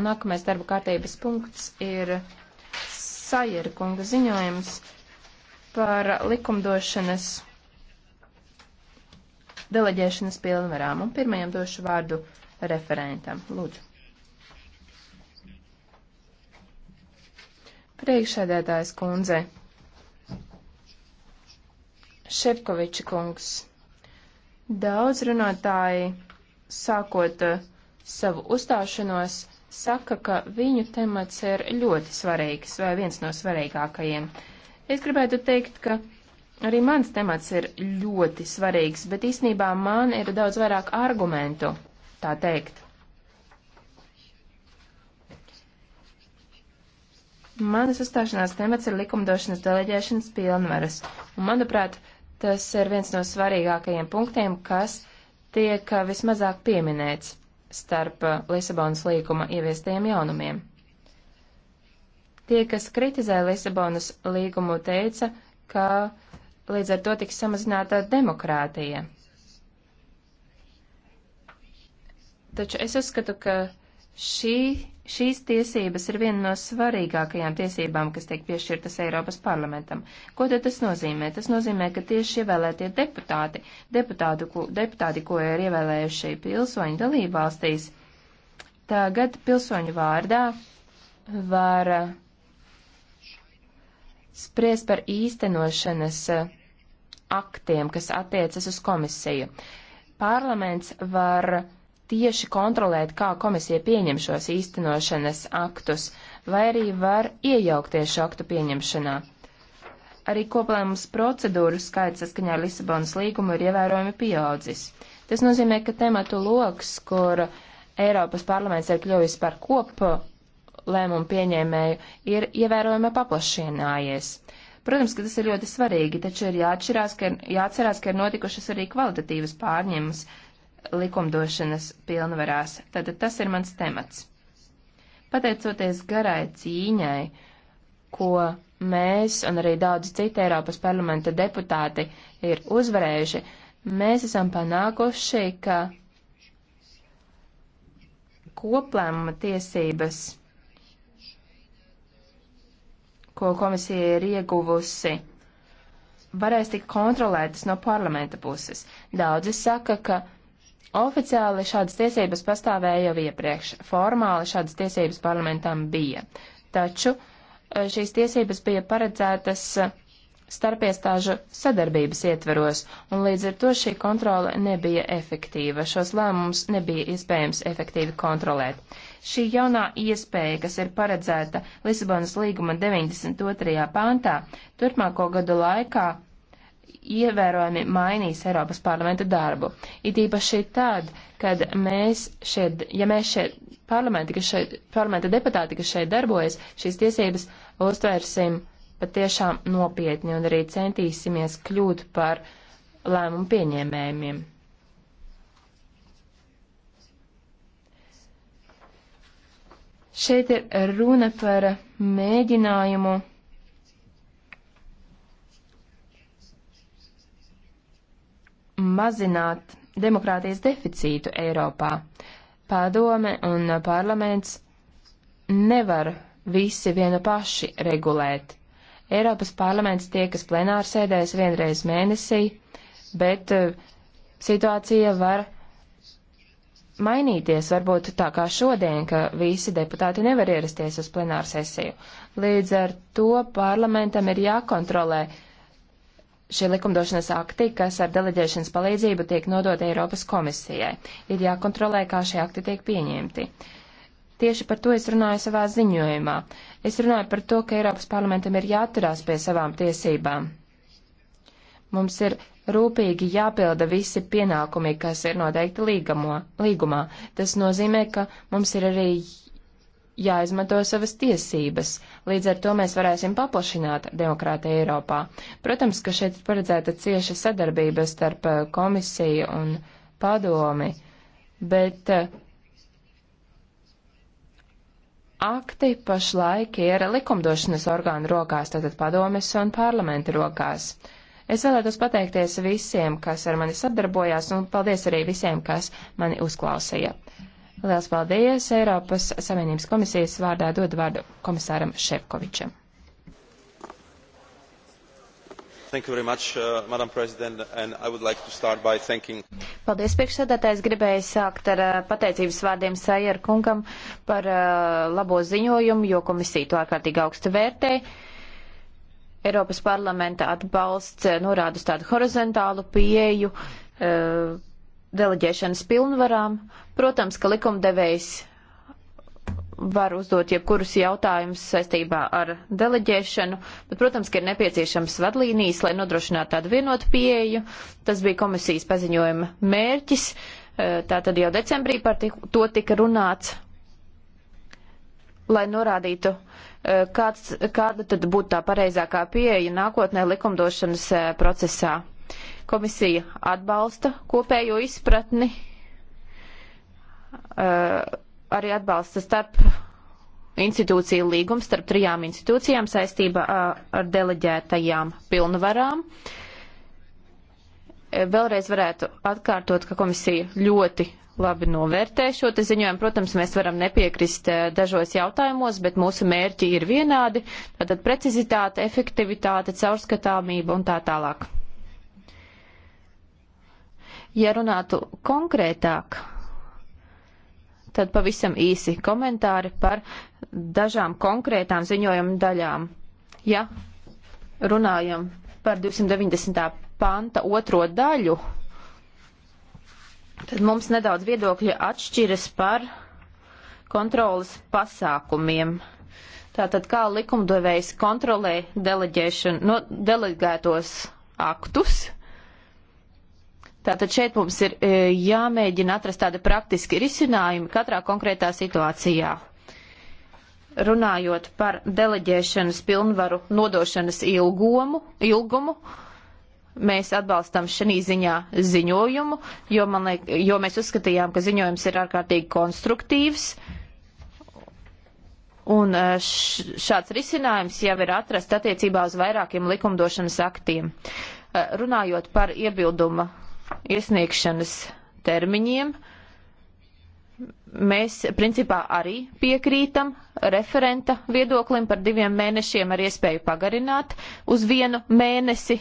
Un nākamais darba kārtības punkts ir Sajera kunga ziņojums par likumdošanas deleģēšanas pilnvarām. Un pirmajam došu vārdu referentam. Lūdzu. Priekšēdētājs kundze. Šefkoviča kungs. Daudz runātāji, sākot uh, savu uzstāšanos, saka, ka viņu temats ir ļoti svarīgs vai viens no svarīgākajiem. Es gribētu teikt, ka arī mans temats ir ļoti svarīgs, bet īsnībā man ir daudz vairāk argumentu, tā teikt. Mana sastāšanās temats ir likumdošanas deleģēšanas pilnvaras, un manuprāt, tas ir viens no svarīgākajiem punktiem, kas tiek eh, vismazāk pieminēts starp eh, Lisabonas līguma ieviestajiem jaunumiem. Tie, kas kritizēja Lisabonas līgumu, teica, ka līdz ar to tiks samazināta demokrātija. Taču es uzskatu, ka Šī, šīs tiesības ir viena no svarīgākajām tiesībām, kas tiek piešķirtas Eiropas parlamentam. Ko tad tas nozīmē? Tas nozīmē, ka tieši ievēlētie deputāti, deputātu, ko, deputāti, ko ir ievēlējuši pilsoņu dalībvalstīs, tagad pilsoņu vārdā var uh, spriest par īstenošanas uh, aktiem, kas attiecas uz komisiju. Parlaments var tieši kontrolēt, kā komisija pieņem šos īstenošanas aktus, vai arī var iejaukties šo aktu pieņemšanā. Arī koplēmums procedūru skaits saskaņā ar Lisabonas līgumu ir ievērojami pieaudzis. Tas nozīmē, ka tematu loks, kur Eiropas parlaments ir kļuvis par kopu lēmumu pieņēmēju, ir ievērojami paplašinājies. Protams, ka tas ir ļoti svarīgi, taču ir jāatšķirās, ka ir, jāatcerās, ka ir notikušas arī kvalitatīvas pārņemas likumdošanas pilnvarās. Tātad tas ir mans temats. Pateicoties garai cīņai, ko mēs un arī daudzi citi Eiropas parlamenta deputāti ir uzvarējuši, mēs esam panākuši, ka koplēmuma tiesības, ko komisija ir ieguvusi, varēs tikt kontrolētas no parlamenta puses. Daudzi saka, ka Oficiāli šādas tiesības pastāvēja jau iepriekš, formāli šādas tiesības parlamentam bija, taču eh, šīs tiesības bija paredzētas eh, starpiestāžu sadarbības ietveros, un līdz ar to šī kontrole nebija efektīva. Šos lēmumus nebija iespējams efektīvi kontrolēt. Šī jaunā iespēja, kas ir paredzēta Lisabonas līguma 92. pāntā, turpmāko gadu laikā ievērojami mainīs Eiropas parlamenta darbu. It īpaši tad, kad mēs šeit, ja mēs šeit parlamenti, kas šeit, parlamenta deputāti, kas šeit darbojas, šīs tiesības uztvērsim patiešām nopietni un arī centīsimies kļūt par lēmumu pieņēmējiem. Šeit ir runa par mēģinājumu mazināt demokrātijas deficītu Eiropā. Padome un parlaments nevar visi vienu paši regulēt. Eiropas parlaments tiekas plenārsēdēs vienreiz mēnesī, bet eh, situācija var mainīties, varbūt tā kā šodien, ka visi deputāti nevar ierasties uz plenāru sesiju. Līdz ar to parlamentam ir jākontrolē šie likumdošanas akti, kas ar deleģēšanas palīdzību tiek nodoti Eiropas komisijai. Ir jākontrolē, kā šie akti tiek pieņemti. Tieši par to es runāju savā ziņojumā. Es runāju par to, ka Eiropas parlamentam ir jāatturās pie savām tiesībām. Mums ir rūpīgi jāpilda visi pienākumi, kas ir noteikti līgamo, līgumā. Tas nozīmē, ka mums ir arī jāizmanto savas tiesības. Līdz ar to mēs varēsim paplašināt demokrātiju Eiropā. Protams, ka šeit ir paredzēta cieša sadarbība starp eh, komisiju un padomi, bet eh, akti pašlaik ir likumdošanas orgānu rokās, tātad padomes un parlamenta rokās. Es vēlētos pateikties visiem, kas ar mani sadarbojās, un paldies arī visiem, kas mani uzklausīja. Liels paldies! Eiropas Savienības komisijas vārdā dod vārdu komisāram Šefkovičam. Much, uh, like Paldies, priekšsēdētājs. Gribēju sākt ar uh, pateicības vārdiem Sajer kungam par uh, labo ziņojumu, jo komisija to ārkārtīgi augstu vērtē. Eiropas parlamenta atbalsts uh, norāda uz tādu horizontālu pieeju. Uh, deleģēšanas pilnvarām. Protams, ka likumdevējs var uzdot jebkurus jautājumus saistībā ar deleģēšanu, bet, protams, ka ir nepieciešams vadlīnijas, lai nodrošinātu tādu vienotu pieeju. Tas bija komisijas paziņojuma mērķis. E, tā tad jau decembrī par to tika runāts, lai norādītu, e, kāds, kāda tad būtu tā pareizākā pieeja nākotnē likumdošanas e, procesā. Komisija atbalsta kopējo izpratni, uh, arī atbalsta starp institūciju līgums starp trijām institūcijām saistībā uh, ar deleģētajām pilnvarām. Uh, vēlreiz varētu atkārtot, ka komisija ļoti labi novērtē šo te ziņojumu. Protams, mēs varam nepiekrist dažos jautājumos, bet mūsu mērķi ir vienādi. Tātad precizitāte, efektivitāte, caurskatāmība un tā tālāk. Ja runātu konkrētāk, tad pavisam īsi komentāri par dažām konkrētām ziņojuma daļām. Ja runājam par 290. panta otro daļu, tad mums nedaudz viedokļi atšķiras par kontrolas pasākumiem. Tātad kā likumdevējs kontrolē deleģēšanu, no delegētos aktus, Tātad šeit mums ir e, jāmēģina atrast tādi praktiski risinājumi katrā konkrētā situācijā. Runājot par deleģēšanas pilnvaru nodošanas ilgumu, ilgumu mēs atbalstam šī ziņā ziņojumu, jo, man liek, jo mēs uzskatījām, ka ziņojums ir ārkārtīgi konstruktīvs. Un e, šāds risinājums jau ir atrasts attiecībā uz vairākiem likumdošanas aktiem. E, runājot par iebilduma iesniegšanas termiņiem mēs principā arī piekrītam referenta viedoklim par diviem mēnešiem ar iespēju pagarināt uz vienu mēnesi.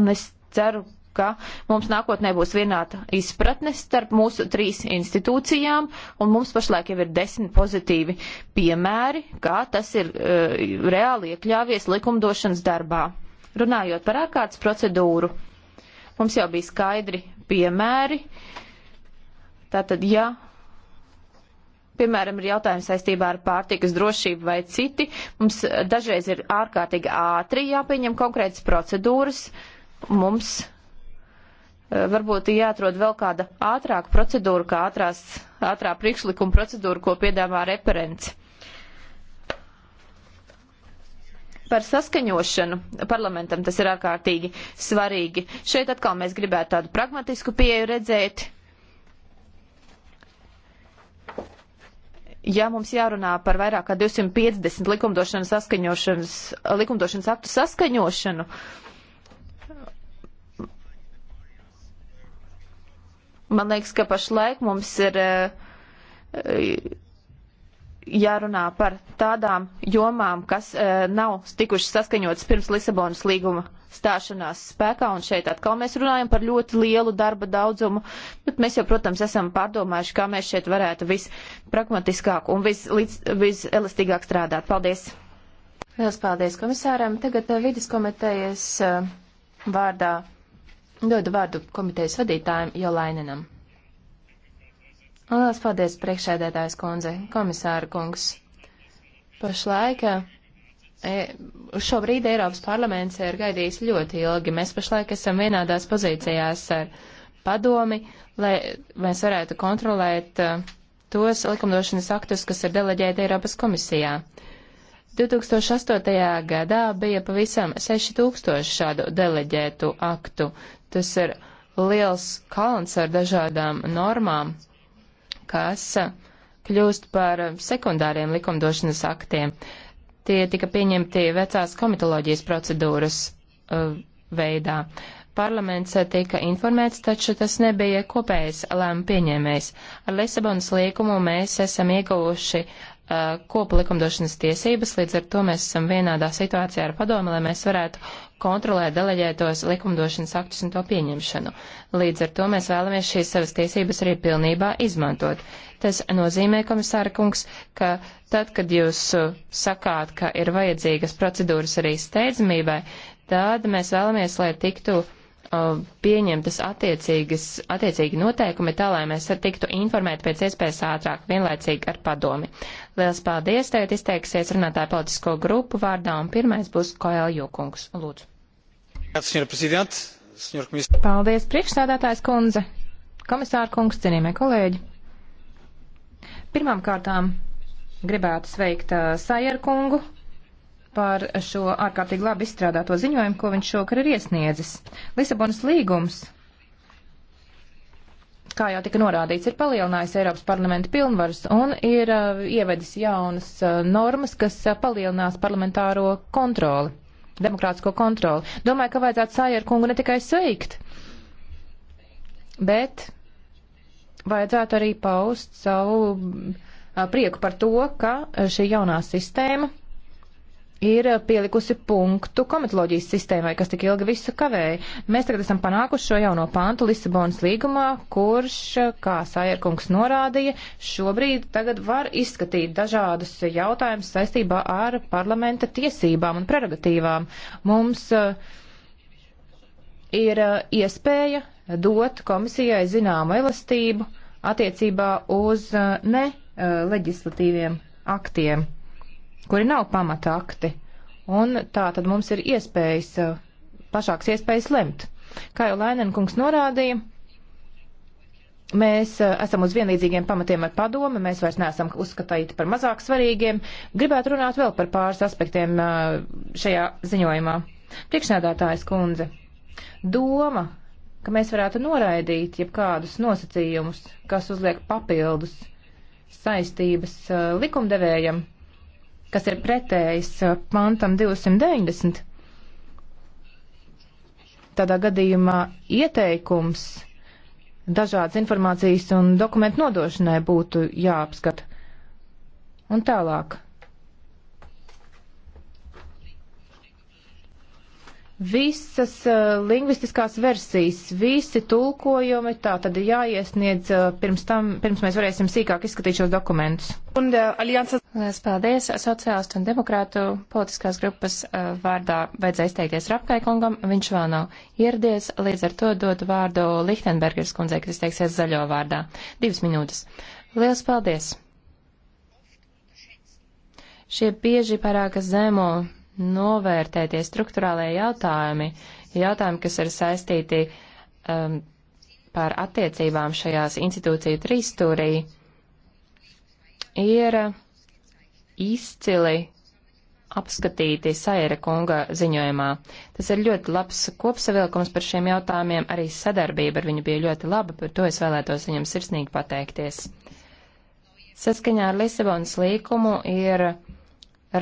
Un es ceru, ka mums nākotnē būs vienāda izpratne starp mūsu trīs institūcijām, un mums pašlaik jau ir desmit pozitīvi piemēri, kā tas ir uh, reāli iekļāvies likumdošanas darbā. Runājot par ārkārtas procedūru, mums jau bija skaidri piemēri. Tātad, ja, piemēram, ir jautājums saistībā ar pārtikas drošību vai citi, mums dažreiz ir ārkārtīgi ātri jāpieņem konkrētas procedūras. Mums e, varbūt jāatrod vēl kāda ātrāka procedūra, kā ātrās, ātrā priekšlikuma procedūra, ko piedāvā referents. par saskaņošanu parlamentam tas ir ārkārtīgi svarīgi. Šeit atkal mēs gribētu tādu pragmatisku pieeju redzēt. Ja mums jārunā par vairāk kā 250 likumdošanas, saskaņošanas, likumdošanas aktu saskaņošanu, man liekas, ka pašlaik mums ir uh, jārunā par tādām jomām, kas uh, nav tikušas saskaņotas pirms Lisabonas līguma stāšanās spēkā, un šeit atkal mēs runājam par ļoti lielu darba daudzumu, bet mēs jau, protams, esam pārdomājuši, kā mēs šeit varētu vispragmatiskāk un vis, līdz, viselastīgāk strādāt. Paldies! Lielas paldies komisāram. Tagad uh, e, vidas komitejas uh, vārdā dodu vārdu komitejas vadītājiem Jolaininam. Lielas paldies priekšēdētājs kundze, komisāra kungs. Pašlaik e, uz šo brīdi Eiropas parlaments ir gaidījis ļoti ilgi. Mēs pašlaik esam vienādās pozīcijās ar padomi, lai mēs varētu kontrolēt e, tos likumdošanas aktus, kas ir deleģēti Eiropas komisijā. 2008. gadā bija pavisam 6000 šādu deleģētu aktu. Tas ir liels kalns ar dažādām normām, kas kļūst par sekundāriem likumdošanas aktiem. Tie tika pieņemti vecās komitoloģijas procedūras uh, veidā. Parlaments tika informēts, taču tas nebija kopējs lēma pieņēmējs. Ar Lisabonas līkumu mēs esam ieguvuši uh, Uh, kopu likumdošanas tiesības, līdz ar to mēs esam vienādā situācijā ar padomu, lai mēs varētu kontrolēt deleģētos likumdošanas aktus un to pieņemšanu. Līdz ar to mēs vēlamies šīs savas tiesības arī pilnībā izmantot. Tas nozīmē, komisāra kungs, ka tad, kad jūs uh, sakāt, ka ir vajadzīgas procedūras arī steidzamībai, tad mēs vēlamies, lai tiktu uh, Uh, pieņemtas attiecīgi noteikumi tā, lai mēs tiktu informēti pēc iespējas ātrāk, vienlaicīgi ar padomi. Liels paldies! Tagad izteiksies runātāja politisko grupu vārdā, un pirmais būs Koēl Jokungs. Lūdzu. Paldies, priekšsādātājs kundze, komisāra kungs, cienījamie kolēģi. Pirmām kārtām gribētu sveikt uh, Sajerkungu, par šo ārkārtīgi labi izstrādāto ziņojumu, ko viņš šokar ir iesniedzis. Lisabonas līgums, kā jau tika norādīts, ir palielinājis Eiropas parlamenta pilnvaras un ir uh, ievedis jaunas uh, normas, kas uh, palielinās parlamentāro kontroli, demokrātisko kontroli. Domāju, ka vajadzētu Sājeru kungu ne tikai sveikt, bet vajadzētu arī paust savu uh, prieku par to, ka uh, šī jaunā sistēma ir eh, pielikusi punktu komitoloģijas sistēmai, kas tik ilgi visu kavēja. Mēs tagad esam panākuši šo jauno pāntu Lisabonas līgumā, kurš, eh, kā Sajerkungs norādīja, šobrīd tagad var izskatīt dažādus jautājumus saistībā ar parlamenta tiesībām un prerogatīvām. Mums eh, ir iespēja dot komisijai zināmu elastību attiecībā uz ne leģislatīviem aktiem kuri nav pamata akti. Un tā tad mums ir iespējas, uh, plašāks iespējas lemt. Kā jau Lainenkungs norādīja, mēs uh, esam uz vienlīdzīgiem pamatiem ar padomi, mēs vairs neesam uzskatīti par mazāk svarīgiem. Gribētu runāt vēl par pāris aspektiem uh, šajā ziņojumā. Priekšnēdātājs kundze, doma, ka mēs varētu noraidīt jebkādus nosacījumus, kas uzliek papildus saistības likumdevējam kas ir pretējs uh, pantam 290, tādā gadījumā ieteikums dažādas informācijas un dokumentu nodošanai būtu jāapskata. Un tālāk. visas uh, lingvistiskās versijas, visi tulkojumi, tā tad ir jāiesniedz uh, pirms tam, pirms mēs varēsim sīkāk izskatīt šos dokumentus. Un uh, alianses. Lielas paldies sociālistu un demokrātu politiskās grupas uh, vārdā vajadzēja izteikties Rapkaikungam, viņš vēl nav ieradies, līdz ar to dodu vārdu Lichtenbergers kundzei, kas izteiksies zaļo vārdā. Divas minūtes. Lielas paldies! Šie bieži parāka zemo novērtētie struktūrālajie jautājumi, jautājumi, kas ir saistīti um, par attiecībām šajās institūciju trīsstūrī, ir izcili apskatīti Saira kunga ziņojumā. Tas ir ļoti labs kopsavilkums par šiem jautājumiem, arī sadarbība ar viņu bija ļoti laba, par to es vēlētos viņam sirsnīgi pateikties. Saskaņā ar Lisabonas līkumu ir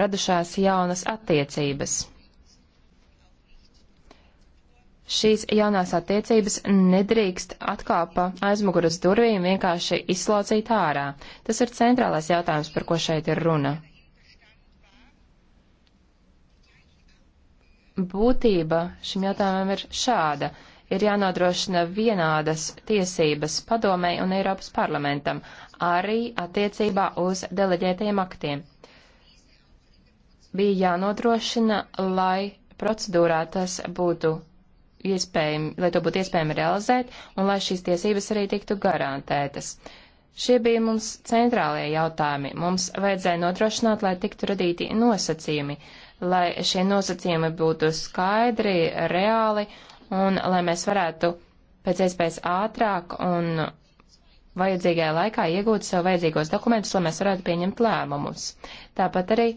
radušās jaunas attiecības. Šīs jaunās attiecības nedrīkst atkal pa aizmuguras durvīm vienkārši izslaucīt ārā. Tas ir centrālais jautājums, par ko šeit ir runa. Būtība šim jautājumam ir šāda ir jānodrošina vienādas tiesības padomei un Eiropas parlamentam, arī attiecībā uz deleģētajiem aktiem bija jānodrošina, lai procedūrā tas būtu iespējami, lai to būtu iespējami realizēt un lai šīs tiesības arī tiktu garantētas. Šie bija mums centrālie jautājumi. Mums vajadzēja nodrošināt, lai tiktu radīti nosacījumi, lai šie nosacījumi būtu skaidri, reāli un lai mēs varētu pēc iespējas ātrāk un vajadzīgajā laikā iegūt sev vajadzīgos dokumentus, lai mēs varētu pieņemt lēmumus. Tāpat arī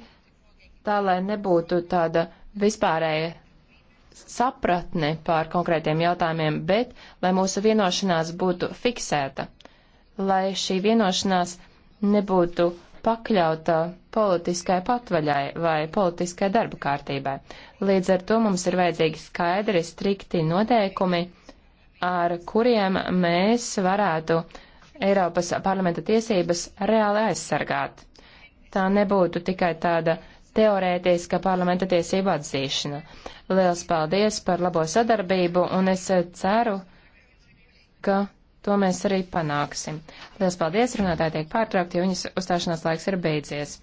tā lai nebūtu tāda vispārēja sapratne pār konkrētiem jautājumiem, bet lai mūsu vienošanās būtu fiksēta, lai šī vienošanās nebūtu pakļauta politiskai patvaļai vai politiskai darba kārtībai. Līdz ar to mums ir vajadzīgi skaidri, strikti noteikumi, ar kuriem mēs varētu Eiropas parlamenta tiesības reāli aizsargāt. Tā nebūtu tikai tāda uh, teorētiska parlamenta tiesību atzīšana. Liels paldies par labo sadarbību, un es ceru, ka to mēs arī panāksim. Liels paldies, runātāji tiek pārtraukti, jo viņas uzstāšanās laiks ir beidzies.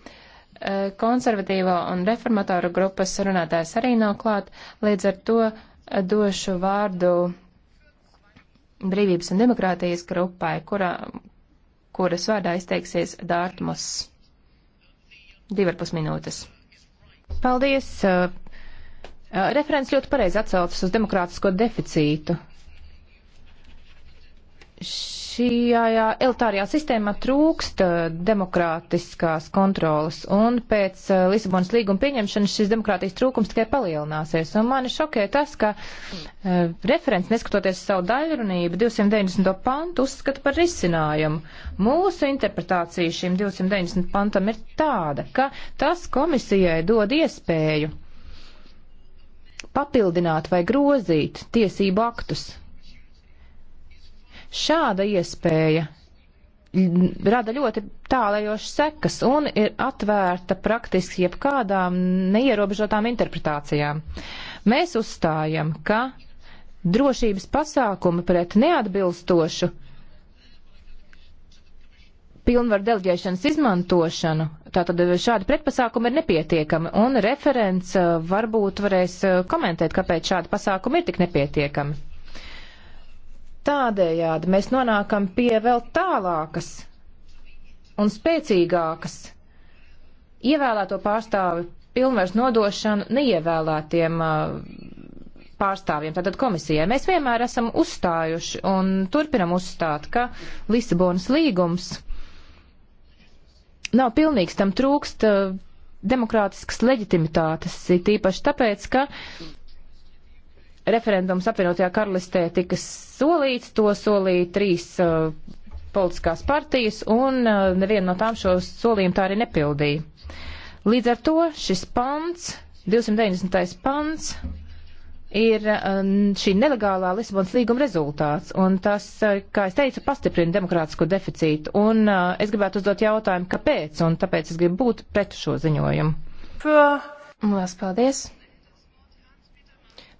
Eh, konservatīvo un reformatoru grupas runātājs arī nav klāt, līdz ar to eh, došu vārdu brīvības un demokrātijas grupai, kurā, kuras vārdā izteiksies Dārtmus. Divarpus minūtes. Paldies. Uh, uh, referents ļoti pareizi atsaucas uz demokrātisko deficītu. Š šajā elitārijā sistēmā trūkst uh, demokrātiskās kontrolas, un pēc uh, Lisabonas līguma pieņemšanas šis demokrātijas trūkums tikai palielināsies. Un mani šokē tas, ka uh, referents, neskatoties savu daļrunību, 290. pantu uzskata par risinājumu. Mūsu interpretācija šim 290. pantam ir tāda, ka tas komisijai dod iespēju papildināt vai grozīt tiesību aktus Šāda iespēja rada ļoti tālējošas sekas un ir atvērta praktiski jebkādām neierobežotām interpretācijām. Mēs uzstājam, ka drošības pasākumi pret neatbilstošu pilnvaru deleģēšanas izmantošanu, tātad šādi pretpasākumi ir nepietiekami, un referents uh, varbūt varēs uh, komentēt, kāpēc šādi pasākumi ir tik nepietiekami. Tādējādi mēs nonākam pie vēl tālākas un spēcīgākas ievēlēto pārstāvi pilnvars nodošanu neievēlētiem uh, pārstāvjiem, tātad komisijai. Mēs vienmēr esam uzstājuši un turpinam uzstāt, ka Lisabonas līgums nav pilnīgs, tam trūkst uh, demokrātiskas leģitimitātes, tīpaši tāpēc, ka referendums apvienotajā karalistē tika solīts, to solīja trīs uh, politiskās partijas, un uh, neviena no tām šo solījumu tā arī nepildīja. Līdz ar to šis pants, 290. pants, ir uh, šī nelegālā Lisabonas līguma rezultāts, un tas, uh, kā es teicu, pastiprina demokrātisko deficītu, un uh, es gribētu uzdot jautājumu, kāpēc, un tāpēc es gribu būt pret šo ziņojumu. Lielas paldies!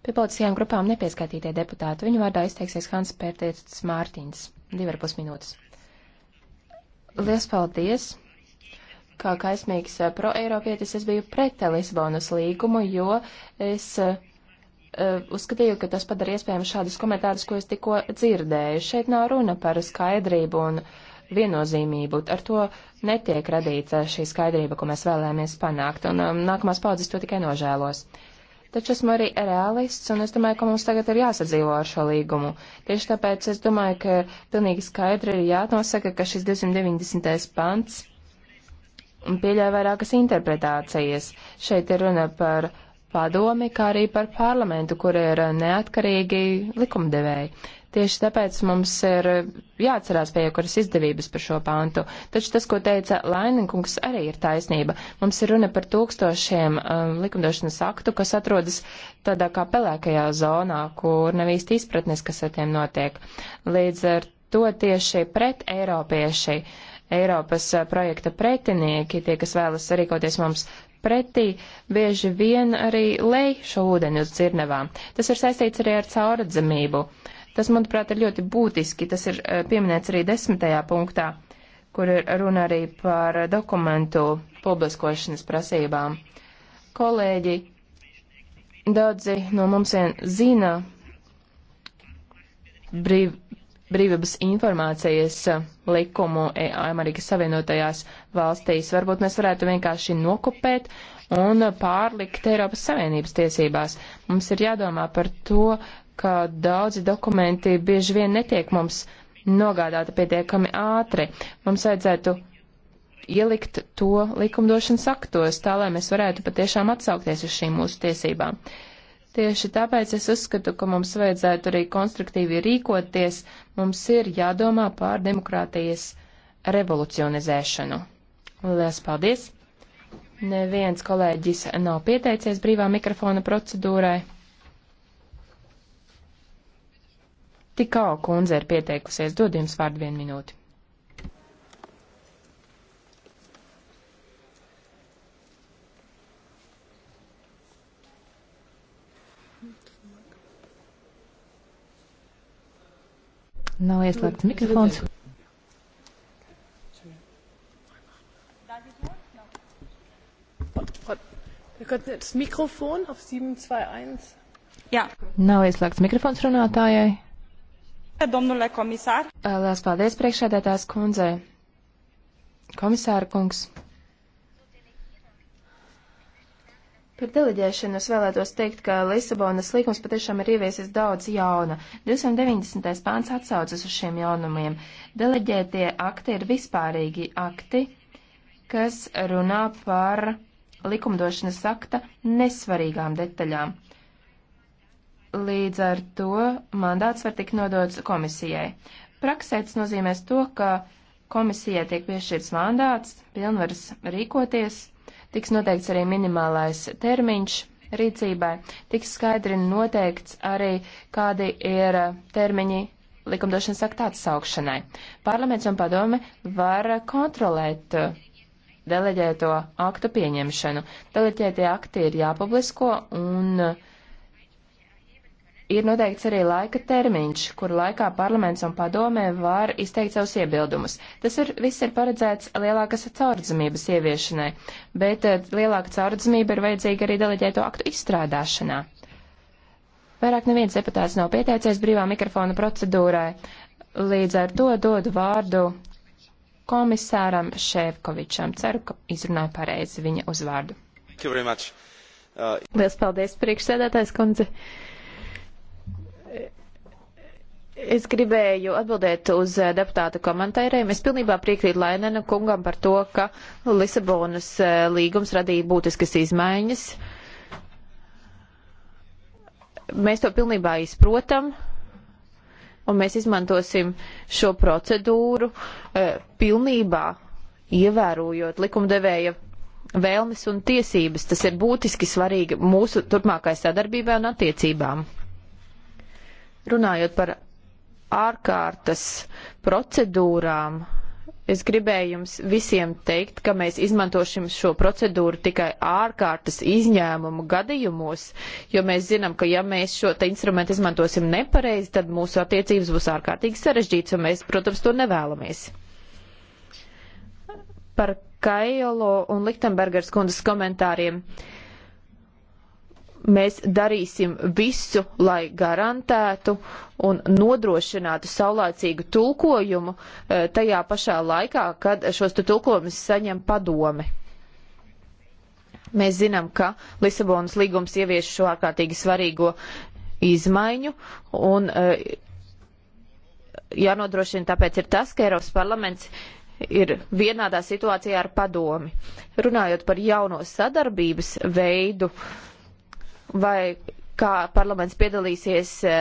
Pie politiskajām grupām nepieskaitītie deputāti. Viņu vārdā izteiksies Hans Pērtiets Mārtiņš. Divar pus minūtes. Lies paldies! Kā kaismīgs eh, proeiropietis es biju pret Lisbonas līgumu, jo es eh, eh, uzskatīju, ka tas padara iespējams šādus komentārus, ko es tikko dzirdēju. Šeit nav runa par skaidrību un viennozīmību. Ar to netiek radīta šī skaidrība, ko mēs vēlējāmies panākt, un um, nākamās paudzes to tikai nožēlos. Uh, taču esmu arī realists, un es domāju, ka mums tagad ir jāsadzīvo ar šo līgumu. Tieši tāpēc es domāju, ka pilnīgi skaidri ir jānosaka, ka šis 290. pants pieļauj vairākas interpretācijas. Šeit ir runa par padomi, kā arī par parlamentu, kur ir neatkarīgi likumdevēji. Tieši tāpēc mums ir jāatcerās pie jebkuras izdevības par šo pāntu. Taču tas, ko teica Laininkungs, arī ir taisnība. Mums ir runa par tūkstošiem um, likumdošanas aktu, kas atrodas tādā kā pelēkajā zonā, kur nav īsti izpratnes, kas ar tiem notiek. Līdz ar to tieši pret Eiropieši, Eiropas uh, projekta pretinieki, tie, kas vēlas rīkoties mums pretī, bieži vien arī lej šo ūdeni uz dzirnavām. Tas ir saistīts arī ar cauradzamību. Uh, Tas, manuprāt, ir ļoti būtiski. Tas ir eh, pieminēts arī desmitajā punktā, kur ir runa arī par dokumentu publiskošanas prasībām. Kolēģi, daudzi no mums vien zina brīv, brīvības informācijas eh, likumu e Amerikas Savienotajās valstīs. Varbūt mēs varētu vienkārši nokopēt un eh, pārlikt Eiropas Savienības tiesībās. Mums ir jādomā par to, ka daudzi dokumenti bieži vien netiek mums nogādāti pietiekami ātri. Mums vajadzētu ielikt to likumdošanas aktos, tā lai mēs varētu patiešām atsaukties uz šīm mūsu tiesībām. Tieši tāpēc es uzskatu, ka mums vajadzētu arī konstruktīvi rīkoties, mums ir jādomā pār demokrātijas revolucionizēšanu. Lielas paldies! Neviens kolēģis nav pieteicies brīvā mikrofona procedūrai. Tikā kundze ir pieteikusies, dod jums vārdu vienu minūti. Nav ieslēgts mikrofons. Mikrofon auf 721. Jā. Nav ieslēgts mikrofons runātājai. Domnule komisār. Lielas paldies priekšēdētās kundzei. Komisāra kungs. Par deleģēšanu es vēlētos teikt, ka Lisabonas līgums patiešām ir ieviesis daudz jauna. 290. pāns atsaucas uz šiem jaunumiem. Deleģētie akti ir vispārīgi akti, kas runā par likumdošanas akta nesvarīgām detaļām. Līdz ar to mandāts var tikt nodots komisijai. Praksē tas nozīmēs to, ka komisijai tiek piešķirts mandāts, pilnvaras rīkoties, tiks noteikts arī minimālais termiņš rīcībai, tiks skaidri noteikts arī, kādi ir termiņi likumdošanas akta atsaukšanai. Parlaments un padome var kontrolēt uh, deleģēto aktu pieņemšanu. Deleģētie akti ir jāpublisko un uh, ir noteikts arī laika termiņš, kur laikā parlaments un padomē var izteikt savus iebildumus. Tas ir, viss ir paredzēts lielākas caurdzamības ieviešanai, bet eh, lielāka caurdzamība ir vajadzīga arī deleģēto aktu izstrādāšanā. Vairāk neviens deputāts nav pieteicies brīvā mikrofona procedūrai, līdz ar to dodu vārdu komisāram Šēvkovičam. Ceru, ka izrunāju pareizi viņa uzvārdu. Uh... Liels paldies, priekšsēdētājs kundze. Uh, Es gribēju atbildēt uz eh, deputāta komentāriem. Es pilnībā piekrītu Lainena kungam par to, ka Lisabonas eh, līgums radīja būtiskas izmaiņas. Mēs to pilnībā izprotam, un mēs izmantosim šo procedūru eh, pilnībā ievērojot likumdevēja vēlmes un tiesības. Tas ir būtiski svarīgi mūsu turpmākai sadarbībai un attiecībām. Runājot par ārkārtas procedūrām, es gribēju jums visiem teikt, ka mēs izmantošam šo procedūru tikai ārkārtas izņēmumu gadījumos, jo mēs zinām, ka ja mēs šo te instrumentu izmantosim nepareizi, tad mūsu attiecības būs ārkārtīgi sarežģītas, un mēs, protams, to nevēlamies. Par Kaiolo un Liktenbergers kundas komentāriem. Uh, mēs darīsim visu, lai garantētu un nodrošinātu saulēcīgu tulkojumu eh, tajā pašā laikā, kad šos tulkojumus saņem padome. Mēs zinām, ka Lisabonas līgums ievieš šo ārkārtīgi svarīgo izmaiņu un eh, jānodrošina tāpēc ir tas, ka Eiropas parlaments ir vienādā situācijā ar padomi. Runājot par jauno sadarbības veidu, uh, vai kā parlaments piedalīsies e,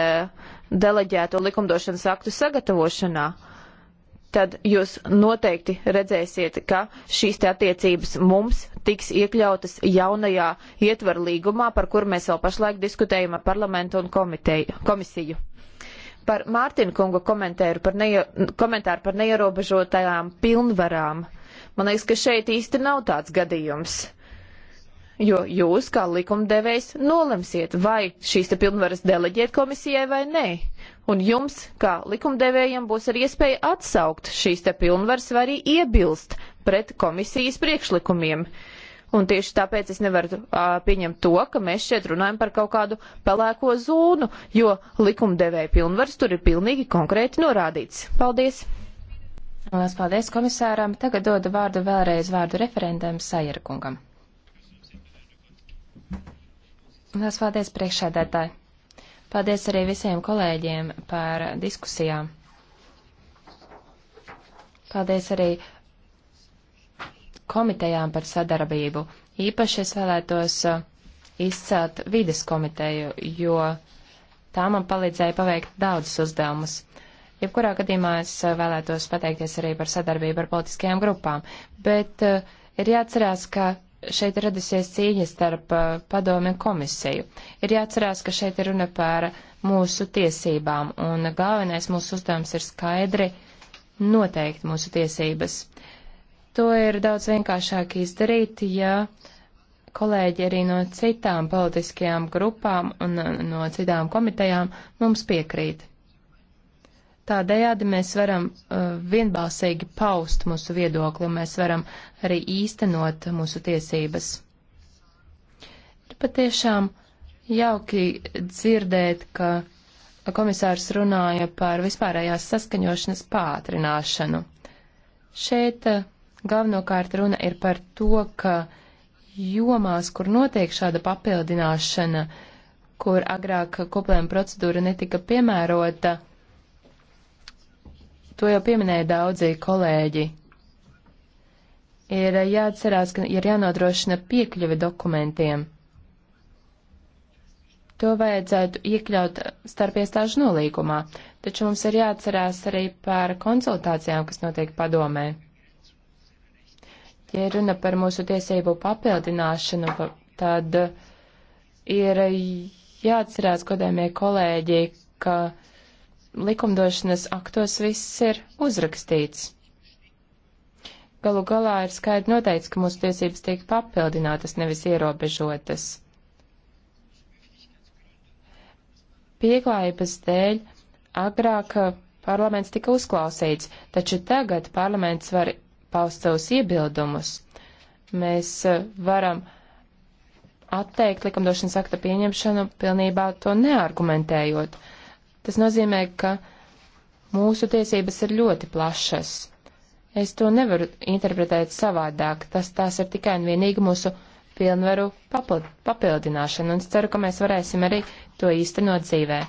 deleģēto likumdošanas aktu sagatavošanā, tad jūs noteikti redzēsiet, ka šīs te attiecības mums tiks iekļautas jaunajā ietvaru līgumā, par kur mēs vēl pašlaik diskutējam ar parlamentu un komiteju, komisiju. Par Mārtiņu kungu komentāru par, neie, komentāru par neierobežotajām pilnvarām. Man liekas, ka šeit īsti nav tāds gadījums. Uh, jo jūs, kā likumdevējs, nolemsiet, vai šīs te pilnvaras deleģēt komisijai vai nē. Un jums, kā likumdevējiem, būs arī iespēja atsaukt šīs te pilnvaras vai arī iebilst pret komisijas priekšlikumiem. Un tieši tāpēc es nevaru uh, pieņemt to, ka mēs šeit runājam par kaut kādu pelēko zonu, jo likumdevēja pilnvars tur ir pilnīgi konkrēti norādīts. Paldies! Lielas paldies komisāram. Tagad dodu vārdu vēlreiz vārdu referendam Sajerkungam. Lielas paldies priekšēdētāji. Paldies arī visiem kolēģiem par diskusijām. Paldies arī komitejām par sadarbību. Īpaši es vēlētos uh, izcelt vides komiteju, jo tā man palīdzēja paveikt daudzus uzdevumus. Jebkurā gadījumā es uh, vēlētos pateikties arī par sadarbību ar politiskajām grupām, bet uh, ir jāatcerās, ka šeit ir radusies cīņa starp uh, padomi un komisiju. Ir jāatcerās, ka šeit ir runa par mūsu tiesībām, un galvenais mūsu uzdevums ir skaidri noteikt mūsu tiesības. To ir daudz vienkāršāk izdarīt, ja kolēģi arī no citām politiskajām grupām un no citām komitejām mums piekrīt. Tādējādi mēs varam uh, vienbalsīgi paust mūsu viedokli un mēs varam arī īstenot mūsu tiesības. Ir patiešām jauki dzirdēt, ka komisārs runāja par vispārējās saskaņošanas pātrināšanu. Šeit uh, galvenokārt runa ir par to, ka jomās, kur notiek šāda papildināšana, kur agrāk koplējuma procedūra netika piemērota, uh, To jau pieminēja daudzi kolēģi. Ir jāatcerās, ka ir jānodrošina piekļuve dokumentiem. To vajadzētu iekļaut starpiestāžu nolīgumā, taču mums ir jāatcerās arī par konsultācijām, kas notiek padomē. Ja runa par mūsu tiesību papildināšanu, tad ir jāatcerās, godējumie kolēģi, ka likumdošanas aktos viss ir uzrakstīts. Galu galā ir skaidri noteikts, ka mūsu tiesības tiek papildinātas, nevis ierobežotas. Pieklājības dēļ agrāk parlaments tika uzklausīts, taču tagad parlaments var paust savus iebildumus. Mēs eh, varam atteikt likumdošanas akta pieņemšanu pilnībā to neargumentējot. Uh, Tas nozīmē, ka mūsu tiesības ir ļoti plašas. Es to nevaru interpretēt savādāk. Tas tās ir tikai un vienīgi mūsu pilnvaru papildināšana, un es ceru, ka mēs varēsim arī to īstenot dzīvē.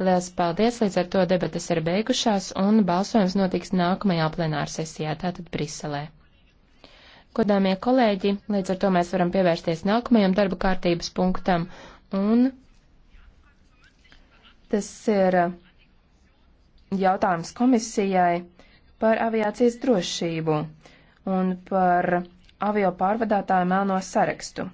Lielas paldies, līdz ar to debatas ir beigušās, un balsojums notiks nākamajā plenārsesijā, tātad Briselē. Godāmie kolēģi, līdz ar to mēs varam pievērsties nākamajam darba kārtības punktam, un Tas ir jautājums komisijai par aviācijas drošību un par avio pārvadātāju melno sarakstu.